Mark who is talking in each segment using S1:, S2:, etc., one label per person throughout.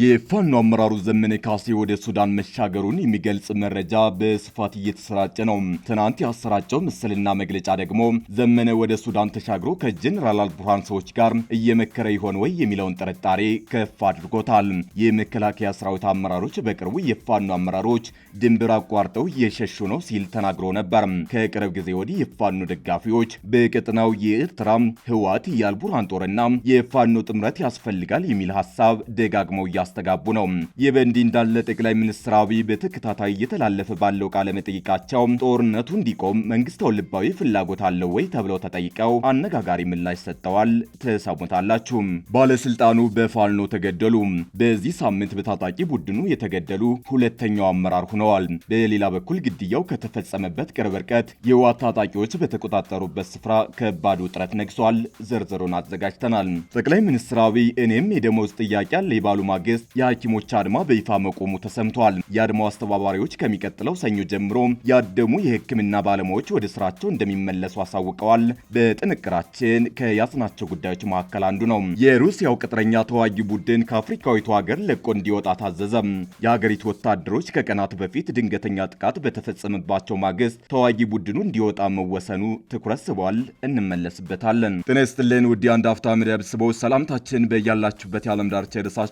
S1: የፋኖ አመራሩ ዘመነ ካሴ ወደ ሱዳን መሻገሩን የሚገልጽ መረጃ በስፋት እየተሰራጨ ነው። ትናንት ያሰራጨው ምስልና መግለጫ ደግሞ ዘመነ ወደ ሱዳን ተሻግሮ ከጀኔራል አልቡርሃን ሰዎች ጋር እየመከረ ይሆን ወይ የሚለውን ጥርጣሬ ከፍ አድርጎታል። የመከላከያ ሰራዊት አመራሮች በቅርቡ የፋኖ አመራሮች ድንበር አቋርጠው እየሸሹ ነው ሲል ተናግሮ ነበር። ከቅርብ ጊዜ ወዲህ የፋኖ ደጋፊዎች በቀጠናው የኤርትራ ህዋት የአልቡርሃን ጦርና የፋኖ ጥምረት ያስፈልጋል የሚል ሀሳብ ደጋግመው እያ እያስተጋቡ ነው። ይህ በእንዲህ እንዳለ ጠቅላይ ሚኒስትር አብይ በተከታታይ እየተላለፈ ባለው ቃለ መጠይቃቸው ጦርነቱ እንዲቆም መንግስታው ልባዊ ፍላጎት አለው ወይ ተብለው ተጠይቀው አነጋጋሪ ምላሽ ሰጥተዋል። ተሰሙታላችሁ። ባለስልጣኑ በፋኖ ተገደሉ። በዚህ ሳምንት በታጣቂ ቡድኑ የተገደሉ ሁለተኛው አመራር ሆነዋል። በሌላ በኩል ግድያው ከተፈጸመበት ቅርብ ርቀት የህወሓት ታጣቂዎች በተቆጣጠሩበት ስፍራ ከባድ ውጥረት ነግሷል። ዝርዝሩን አዘጋጅተናል። ጠቅላይ ሚኒስትር አብይ እኔም የደሞዝ ጥያቄ አለ ባሉ ማግስት መንግስት የሐኪሞች አድማ በይፋ መቆሙ ተሰምቷል። የአድማው አስተባባሪዎች ከሚቀጥለው ሰኞ ጀምሮ ያደሙ የህክምና ባለሙያዎች ወደ ስራቸው እንደሚመለሱ አሳውቀዋል። በጥንቅራችን ከያዝናቸው ጉዳዮች መካከል አንዱ ነው። የሩሲያው ቅጥረኛ ተዋጊ ቡድን ከአፍሪካዊቱ ሀገር ለቆ እንዲወጣ ታዘዘም። የሀገሪቱ ወታደሮች ከቀናት በፊት ድንገተኛ ጥቃት በተፈጸመባቸው ማግስት ተዋጊ ቡድኑ እንዲወጣ መወሰኑ ትኩረት ስቧል። እንመለስበታለን። ጤና ይስጥልን ውድ የአንድ አፍታ ሚዲያ ቤተሰቦች ሰላምታችን በያላችሁበት የዓለም ዳርቻ ይድረሳችሁ።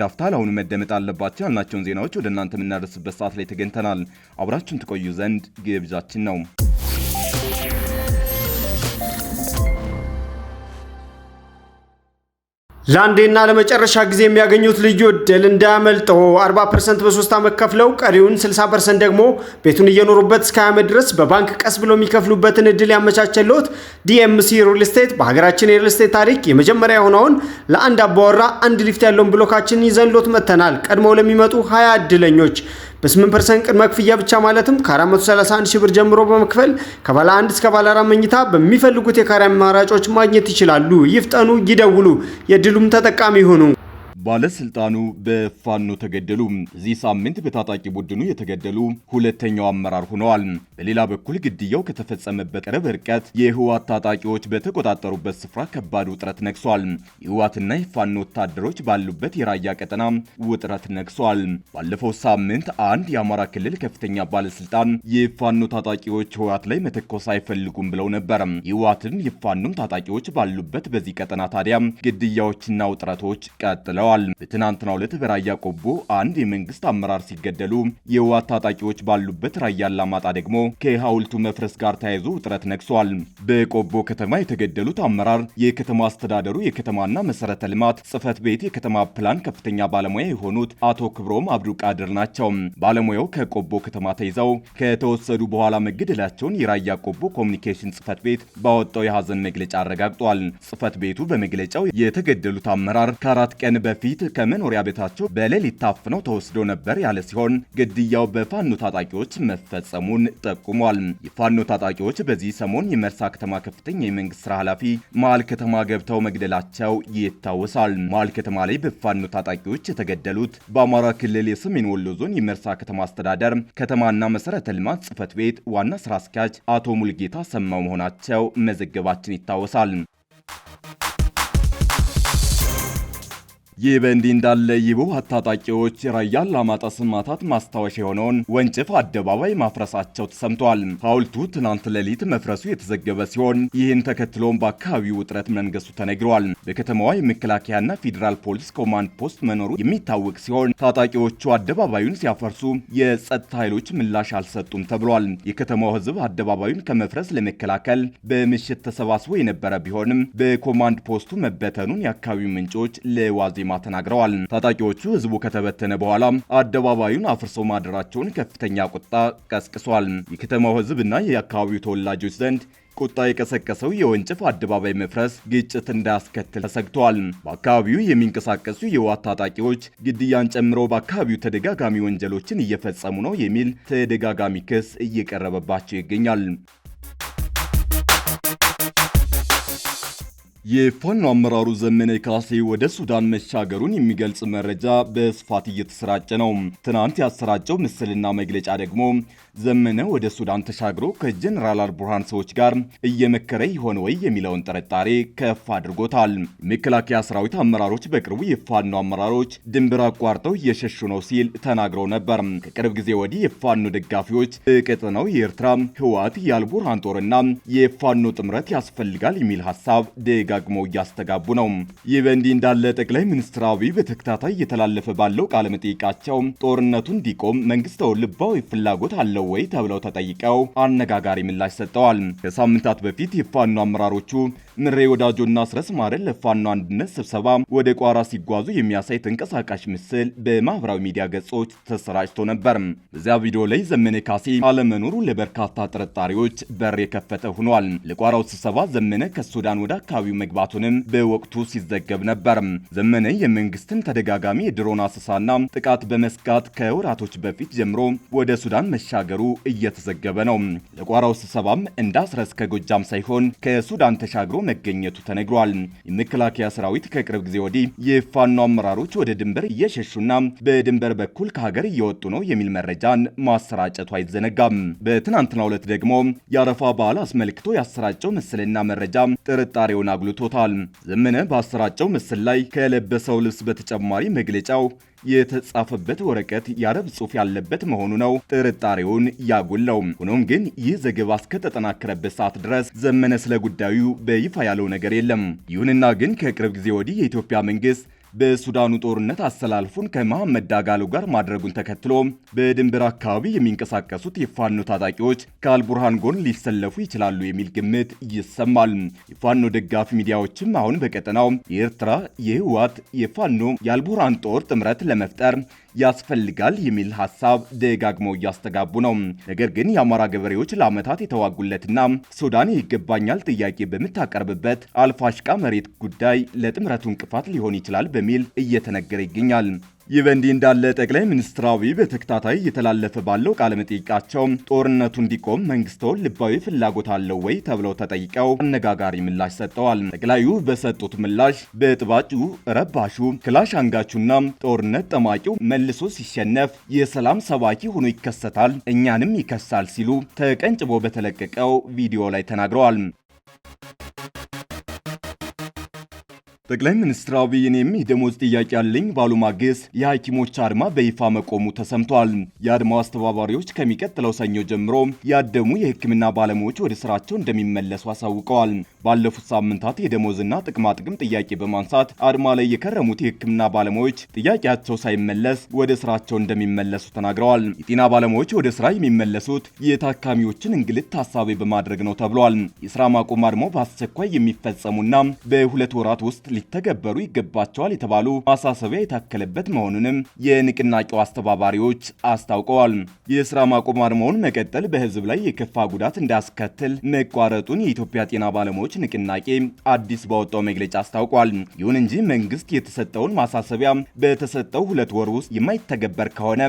S1: ለአንድ ለአሁኑ መደመጥ አለባቸው ያልናቸውን ዜናዎች ወደ እናንተ የምናደርስበት ሰዓት ላይ ተገኝተናል። አብራችሁን ትቆዩ ዘንድ ግብዣችን ነው።
S2: ለአንዴና ለመጨረሻ ጊዜ የሚያገኙት ልዩ እድል እንዳያመልጠው 40 ፐርሰንት በሶስት ዓመት ከፍለው ቀሪውን 60 ፐርሰንት ደግሞ ቤቱን እየኖሩበት እስከ ዓመት ድረስ በባንክ ቀስ ብሎ የሚከፍሉበትን እድል ያመቻቸለት ዲኤምሲ ሪል ስቴት በሀገራችን የሪል ስቴት ታሪክ የመጀመሪያ የሆነውን ለአንድ አባወራ አንድ ሊፍት ያለውን ብሎካችን ይዘንሎት መጥተናል። ቀድመው ለሚመጡ ሀያ እድለኞች በ8 ፐርሰንት ቅድመ ክፍያ ብቻ ማለትም ከ431 ሺህ ብር ጀምሮ በመክፈል ከባለ አንድ እስከ ባለ አራት መኝታ በሚፈልጉት የካሪያ አማራጮች ማግኘት ይችላሉ። ይፍጠኑ፣ ይደውሉ፣ የድሉም ተጠቃሚ ይሁኑ።
S1: ባለስልጣኑ በፋኖ ተገደሉ። እዚህ ሳምንት በታጣቂ ቡድኑ የተገደሉ ሁለተኛው አመራር ሆነዋል። በሌላ በኩል ግድያው ከተፈጸመበት ቅርብ ርቀት የህዋት ታጣቂዎች በተቆጣጠሩበት ስፍራ ከባድ ውጥረት ነግሷል። የህዋትና የፋኖ ወታደሮች ባሉበት የራያ ቀጠና ውጥረት ነግሷል። ባለፈው ሳምንት አንድ የአማራ ክልል ከፍተኛ ባለስልጣን የፋኖ ታጣቂዎች ህዋት ላይ መተኮስ አይፈልጉም ብለው ነበር። የህዋትም የፋኖም ታጣቂዎች ባሉበት በዚህ ቀጠና ታዲያ ግድያዎችና ውጥረቶች ቀጥለዋል። ተናግረዋል። በትናንትናው ዕለት በራያ ቆቦ አንድ የመንግስት አመራር ሲገደሉ የህወሓት ታጣቂዎች ባሉበት ራያ አላማጣ ደግሞ ከሐውልቱ መፍረስ ጋር ተያይዞ ውጥረት ነግሷል። በቆቦ ከተማ የተገደሉት አመራር የከተማ አስተዳደሩ የከተማና መሰረተ ልማት ጽህፈት ቤት የከተማ ፕላን ከፍተኛ ባለሙያ የሆኑት አቶ ክብሮም አብዱቃድር ናቸው። ባለሙያው ከቆቦ ከተማ ተይዘው ከተወሰዱ በኋላ መገደላቸውን የራያ ቆቦ ኮሚኒኬሽን ጽህፈት ቤት ባወጣው የሐዘን መግለጫ አረጋግጧል። ጽህፈት ቤቱ በመግለጫው የተገደሉት አመራር ከአራት ቀን በፊት በፊት ከመኖሪያ ቤታቸው በሌሊት ታፍነው ተወስዶ ነበር ያለ ሲሆን ግድያው በፋኖ ታጣቂዎች መፈጸሙን ጠቁሟል። የፋኖ ታጣቂዎች በዚህ ሰሞን የመርሳ ከተማ ከፍተኛ የመንግስት ስራ ኃላፊ መሀል ከተማ ገብተው መግደላቸው ይታወሳል። መሀል ከተማ ላይ በፋኖ ታጣቂዎች የተገደሉት በአማራ ክልል የሰሜን ወሎ ዞን የመርሳ ከተማ አስተዳደር ከተማና መሰረተ ልማት ጽህፈት ቤት ዋና ስራ አስኪያጅ አቶ ሙልጌታ ሰማው መሆናቸው መዘገባችን ይታወሳል። ይህ በእንዲህ እንዳለ የህወሓት ታጣቂዎች ራያ አላማጣ ስማታት ማስታወሻ የሆነውን ወንጭፍ አደባባይ ማፍረሳቸው ተሰምቷል። ሐውልቱ ትናንት ሌሊት መፍረሱ የተዘገበ ሲሆን ይህን ተከትሎም በአካባቢው ውጥረት መንገሱ ተነግሯል። በከተማዋ የመከላከያና ፌዴራል ፖሊስ ኮማንድ ፖስት መኖሩ የሚታወቅ ሲሆን ታጣቂዎቹ አደባባዩን ሲያፈርሱ የጸጥታ ኃይሎች ምላሽ አልሰጡም ተብሏል። የከተማው ህዝብ አደባባዩን ከመፍረስ ለመከላከል በምሽት ተሰባስቦ የነበረ ቢሆንም በኮማንድ ፖስቱ መበተኑን የአካባቢው ምንጮች ለዋዜማ ግርማ ተናግረዋል። ታጣቂዎቹ ህዝቡ ከተበተነ በኋላ አደባባዩን አፍርሰው ማደራቸውን ከፍተኛ ቁጣ ቀስቅሷል። የከተማው ህዝብና የአካባቢው ተወላጆች ዘንድ ቁጣ የቀሰቀሰው የወንጭፍ አደባባይ መፍረስ ግጭት እንዳያስከትል ተሰግቷል። በአካባቢው የሚንቀሳቀሱ የህወሓት ታጣቂዎች ግድያን ጨምሮ በአካባቢው ተደጋጋሚ ወንጀሎችን እየፈጸሙ ነው የሚል ተደጋጋሚ ክስ እየቀረበባቸው ይገኛል። የፋኖ አመራሩ ዘመነ ካሴ ወደ ሱዳን መሻገሩን የሚገልጽ መረጃ በስፋት እየተሰራጨ ነው። ትናንት ያሰራጨው ምስልና መግለጫ ደግሞ ዘመነ ወደ ሱዳን ተሻግሮ ከጀኔራል አልቡርሃን ሰዎች ጋር እየመከረ ይሆን ወይ የሚለውን ጥርጣሬ ከፍ አድርጎታል። የመከላከያ ሰራዊት አመራሮች በቅርቡ የፋኖ አመራሮች ድንበር አቋርጠው እየሸሹ ነው ሲል ተናግረው ነበር። ከቅርብ ጊዜ ወዲህ የፋኖ ደጋፊዎች በቀጠናው የኤርትራ ህወሓት የአልቡርሃን ጦርና የፋኖ ጥምረት ያስፈልጋል የሚል ሀሳብ ደጋግመው እያስተጋቡ ነው። ይህ በእንዲህ እንዳለ ጠቅላይ ሚኒስትር አብይ በተከታታይ እየተላለፈ ባለው ቃለመጠይቃቸው ጦርነቱ እንዲቆም መንግስታው ልባዊ ፍላጎት አለው ነው ወይ ተብለው ተጠይቀው አነጋጋሪ ምላሽ ሰጥተዋል። ከሳምንታት በፊት የፋኖ አመራሮቹ ምሬ ወዳጆና ስረስ ማረን ለፋኖ አንድነት ስብሰባ ወደ ቋራ ሲጓዙ የሚያሳይ ተንቀሳቃሽ ምስል በማህበራዊ ሚዲያ ገጾች ተሰራጭቶ ነበር። በዚያ ቪዲዮ ላይ ዘመነ ካሴ አለመኖሩ ለበርካታ ጥርጣሬዎች በር የከፈተ ሆኗል። ለቋራው ስብሰባ ዘመነ ከሱዳን ወደ አካባቢው መግባቱንም በወቅቱ ሲዘገብ ነበር። ዘመነ የመንግስትን ተደጋጋሚ የድሮን አሰሳና ጥቃት በመስጋት ከወራቶች በፊት ጀምሮ ወደ ሱዳን መሻገር መናገሩ እየተዘገበ ነው። ለቋራው ስብሰባም እንደ እስከ ከጎጃም ሳይሆን ከሱዳን ተሻግሮ መገኘቱ ተነግሯል። የመከላከያ ሰራዊት ከቅርብ ጊዜ ወዲህ የፋኖ አመራሮች ወደ ድንበር እየሸሹና በድንበር በኩል ከሀገር እየወጡ ነው የሚል መረጃን ማሰራጨቱ አይዘነጋም። በትናንትናው ዕለት ደግሞ የአረፋ በዓል አስመልክቶ ያሰራጨው ምስልና መረጃ ጥርጣሬውን አጉልቶታል። ዘመነ ባሰራጨው ምስል ላይ ከለበሰው ልብስ በተጨማሪ መግለጫው የተጻፈበት ወረቀት የአረብ ጽሑፍ ያለበት መሆኑ ነው ጥርጣሬውን ያጎላው። ሆኖም ግን ይህ ዘገባ እስከተጠናከረበት ሰዓት ድረስ ዘመነ ስለ ጉዳዩ በይፋ ያለው ነገር የለም። ይሁንና ግን ከቅርብ ጊዜ ወዲህ የኢትዮጵያ መንግስት በሱዳኑ ጦርነት አሰላልፉን ከመሐመድ ዳጋሎ ጋር ማድረጉን ተከትሎ በድንበር አካባቢ የሚንቀሳቀሱት የፋኖ ታጣቂዎች ከአልቡርሃን ጎን ሊሰለፉ ይችላሉ የሚል ግምት ይሰማል። የፋኖ ደጋፊ ሚዲያዎችም አሁን በቀጠናው የኤርትራ፣ የህወሓት፣ የፋኖ፣ የአልቡርሃን ጦር ጥምረት ለመፍጠር ያስፈልጋል የሚል ሀሳብ ደጋግመው እያስተጋቡ ነው። ነገር ግን የአማራ ገበሬዎች ለዓመታት የተዋጉለትና ሱዳን ይገባኛል ጥያቄ በምታቀርብበት አልፋሽቃ መሬት ጉዳይ ለጥምረቱ እንቅፋት ሊሆን ይችላል በሚል እየተነገረ ይገኛል። ይህ በእንዲህ እንዳለ ጠቅላይ ሚኒስትር አብይ በተከታታይ እየተላለፈ ባለው ቃለ መጠይቃቸው ጦርነቱ እንዲቆም መንግስቶ ልባዊ ፍላጎት አለው ወይ ተብለው ተጠይቀው አነጋጋሪ ምላሽ ሰጥተዋል። ጠቅላዩ በሰጡት ምላሽ በጥባጩ ረባሹ፣ ክላሽ አንጋቹና ጦርነት ጠማቂው መልሶ ሲሸነፍ የሰላም ሰባኪ ሆኖ ይከሰታል፣ እኛንም ይከሳል ሲሉ ተቀንጭቦ በተለቀቀው ቪዲዮ ላይ ተናግረዋል። ጠቅላይ ሚኒስትር አብይ እኔም የደሞዝ ጥያቄ አለኝ ባሉ ማግስት የሐኪሞች አድማ በይፋ መቆሙ ተሰምቷል። የአድማው አስተባባሪዎች ከሚቀጥለው ሰኞ ጀምሮ ያደሙ የሕክምና ባለሙያዎች ወደ ስራቸው እንደሚመለሱ አሳውቀዋል። ባለፉት ሳምንታት የደሞዝና ጥቅማጥቅም ጥያቄ በማንሳት አድማ ላይ የከረሙት የሕክምና ባለሙያዎች ጥያቄያቸው ሳይመለስ ወደ ስራቸው እንደሚመለሱ ተናግረዋል። የጤና ባለሙያዎች ወደ ስራ የሚመለሱት የታካሚዎችን እንግልት ታሳቢ በማድረግ ነው ተብሏል። የስራ ማቆም አድማው በአስቸኳይ የሚፈጸሙና በሁለት ወራት ውስጥ ሊተገበሩ ይገባቸዋል የተባሉ ማሳሰቢያ የታከለበት መሆኑንም የንቅናቄው አስተባባሪዎች አስታውቀዋል። የስራ ማቆም አድማውን መቀጠል በህዝብ ላይ የከፋ ጉዳት እንዳስከትል መቋረጡን የኢትዮጵያ ጤና ባለሙያዎች ንቅናቄ አዲስ ባወጣው መግለጫ አስታውቋል። ይሁን እንጂ መንግስት የተሰጠውን ማሳሰቢያ በተሰጠው ሁለት ወር ውስጥ የማይተገበር ከሆነ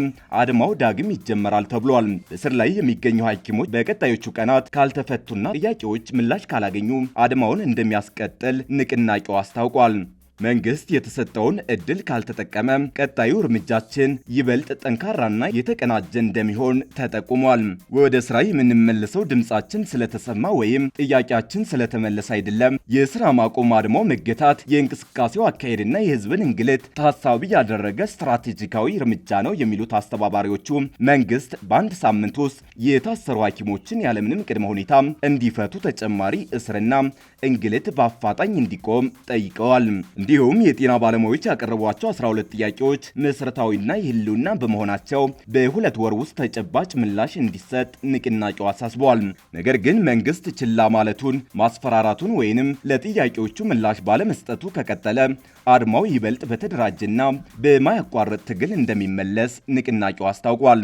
S1: አድማው ዳግም ይጀመራል ተብሏል። እስር ላይ የሚገኙ ሐኪሞች በቀጣዮቹ ቀናት ካልተፈቱና ጥያቄዎች ምላሽ ካላገኙ አድማውን እንደሚያስቀጥል ንቅናቄው አስታውቋል። Ohren. መንግስት የተሰጠውን እድል ካልተጠቀመ ቀጣዩ እርምጃችን ይበልጥ ጠንካራና የተቀናጀ እንደሚሆን ተጠቁሟል። ወደ ስራ የምንመለሰው ድምጻችን ስለተሰማ ወይም ጥያቄያችን ስለተመለሰ አይደለም። የስራ ማቆም አድሞ መገታት የእንቅስቃሴው አካሄድና የህዝብን እንግልት ታሳቢ ያደረገ ስትራቴጂካዊ እርምጃ ነው የሚሉት አስተባባሪዎቹ መንግስት በአንድ ሳምንት ውስጥ የታሰሩ ሐኪሞችን ያለምንም ቅድመ ሁኔታ እንዲፈቱ ተጨማሪ እስርና እንግልት በአፋጣኝ እንዲቆም ጠይቀዋል። እንዲሁም የጤና ባለሙያዎች ያቀረቧቸው 12 ጥያቄዎች መሰረታዊና የህልውና በመሆናቸው በሁለት ወር ውስጥ ተጨባጭ ምላሽ እንዲሰጥ ንቅናቄው አሳስበዋል። ነገር ግን መንግስት ችላ ማለቱን፣ ማስፈራራቱን ወይንም ለጥያቄዎቹ ምላሽ ባለመስጠቱ ከቀጠለ አድማው ይበልጥ በተደራጀና በማያቋርጥ ትግል እንደሚመለስ ንቅናቄው አስታውቋል።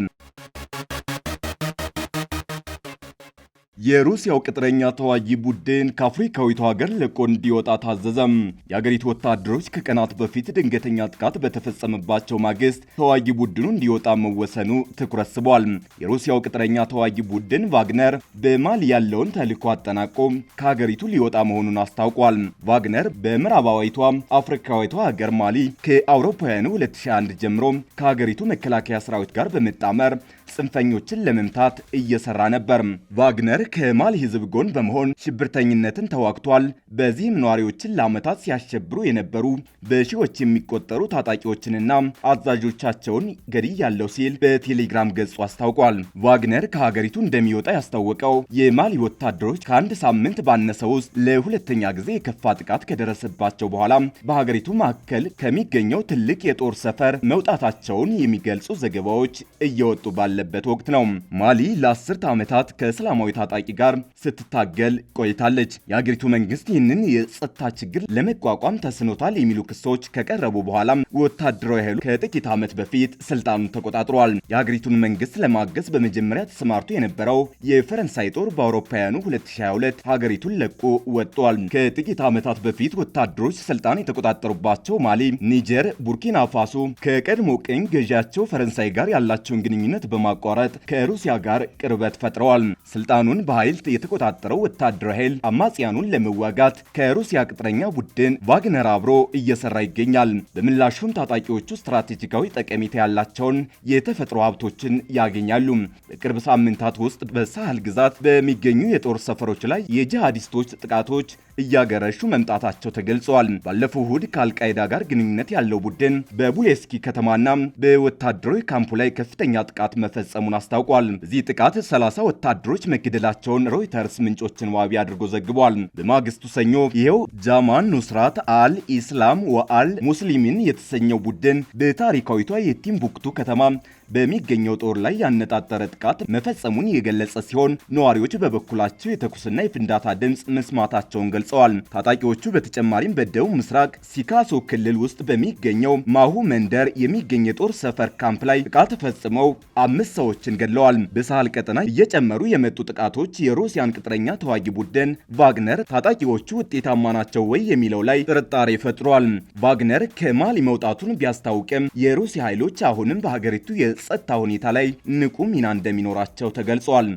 S1: የሩሲያው ቅጥረኛ ተዋጊ ቡድን ከአፍሪካዊቱ ሀገር ለቆ እንዲወጣ ታዘዘም። የአገሪቱ ወታደሮች ከቀናት በፊት ድንገተኛ ጥቃት በተፈጸመባቸው ማግስት ተዋጊ ቡድኑ እንዲወጣ መወሰኑ ትኩረት ስቧል። የሩሲያው ቅጥረኛ ተዋጊ ቡድን ቫግነር በማሊ ያለውን ተልዕኮ አጠናቆ ከሀገሪቱ ሊወጣ መሆኑን አስታውቋል። ቫግነር በምዕራባዊቷ አፍሪካዊቷ ሀገር ማሊ ከአውሮፓውያኑ 201 ጀምሮ ከሀገሪቱ መከላከያ ሰራዊት ጋር በመጣመር ጽንፈኞችን ለመምታት እየሰራ ነበር። ዋግነር ከማሊ ህዝብ ጎን በመሆን ሽብርተኝነትን ተዋግቷል። በዚህም ነዋሪዎችን ለዓመታት ሲያሸብሩ የነበሩ በሺዎች የሚቆጠሩ ታጣቂዎችንና አዛዦቻቸውን ያለው ሲል በቴሌግራም ገጹ አስታውቋል። ዋግነር ከሀገሪቱ እንደሚወጣ ያስታወቀው የማሊ ወታደሮች ከአንድ ሳምንት ባነሰ ውስጥ ለሁለተኛ ጊዜ የከፋ ጥቃት ከደረሰባቸው በኋላ በሀገሪቱ መካከል ከሚገኘው ትልቅ የጦር ሰፈር መውጣታቸውን የሚገልጹ ዘገባዎች እየወጡ ባለ ያለበት ወቅት ነው። ማሊ ለአስርተ ዓመታት ከእስላማዊ ታጣቂ ጋር ስትታገል ቆይታለች። የአገሪቱ መንግስት ይህንን የጸጥታ ችግር ለመቋቋም ተስኖታል የሚሉ ክሶች ከቀረቡ በኋላ ወታደራዊ ኃይሉ ከጥቂት ዓመት በፊት ስልጣኑን ተቆጣጥሯል። የአገሪቱን መንግስት ለማገዝ በመጀመሪያ ተሰማርቶ የነበረው የፈረንሳይ ጦር በአውሮፓውያኑ 2022 ሀገሪቱን ለቆ ወጥቷል። ከጥቂት ዓመታት በፊት ወታደሮች ስልጣን የተቆጣጠሩባቸው ማሊ፣ ኒጀር፣ ቡርኪና ፋሶ ከቀድሞ ቅኝ ገዢያቸው ፈረንሳይ ጋር ያላቸውን ግንኙነት በማ ለማቋረጥ ከሩሲያ ጋር ቅርበት ፈጥረዋል። ስልጣኑን በኃይል የተቆጣጠረው ወታደራዊ ኃይል አማጽያኑን ለመዋጋት ከሩሲያ ቅጥረኛ ቡድን ዋግነር አብሮ እየሰራ ይገኛል። በምላሹም ታጣቂዎቹ ስትራቴጂካዊ ጠቀሜታ ያላቸውን የተፈጥሮ ሀብቶችን ያገኛሉ። በቅርብ ሳምንታት ውስጥ በሳህል ግዛት በሚገኙ የጦር ሰፈሮች ላይ የጂሃዲስቶች ጥቃቶች እያገረሹ መምጣታቸው ተገልጿል። ባለፈው እሁድ ከአልቃይዳ ጋር ግንኙነት ያለው ቡድን በቡሌስኪ ከተማና በወታደራዊ ካምፑ ላይ ከፍተኛ ጥቃት መፈ መፈጸሙን አስታውቋል። በዚህ ጥቃት 30 ወታደሮች መገደላቸውን ሮይተርስ ምንጮችን ዋቢ አድርጎ ዘግቧል። በማግስቱ ሰኞ ይኸው ጃማን ኑስራት አል ኢስላም ወአል ሙስሊሚን የተሰኘው ቡድን በታሪካዊቷ የቲምቡክቱ ከተማ በሚገኘው ጦር ላይ ያነጣጠረ ጥቃት መፈጸሙን የገለጸ ሲሆን ነዋሪዎች በበኩላቸው የተኩስና የፍንዳታ ድምፅ መስማታቸውን ገልጸዋል። ታጣቂዎቹ በተጨማሪም በደቡብ ምስራቅ ሲካሶ ክልል ውስጥ በሚገኘው ማሁ መንደር የሚገኝ የጦር ሰፈር ካምፕ ላይ ጥቃት ፈጽመው አምስት ሰዎችን ገድለዋል። በሳህል ቀጠና እየጨመሩ የመጡ ጥቃቶች የሩሲያን ቅጥረኛ ተዋጊ ቡድን ቫግነር ታጣቂዎቹ ውጤታማ ናቸው ወይ የሚለው ላይ ጥርጣሬ ፈጥሯል። ቫግነር ከማሊ መውጣቱን ቢያስታውቅም የሩሲያ ኃይሎች አሁንም በሀገሪቱ በጸጥታ ሁኔታ ላይ ንቁ ሚና እንደሚኖራቸው ተገልጿል።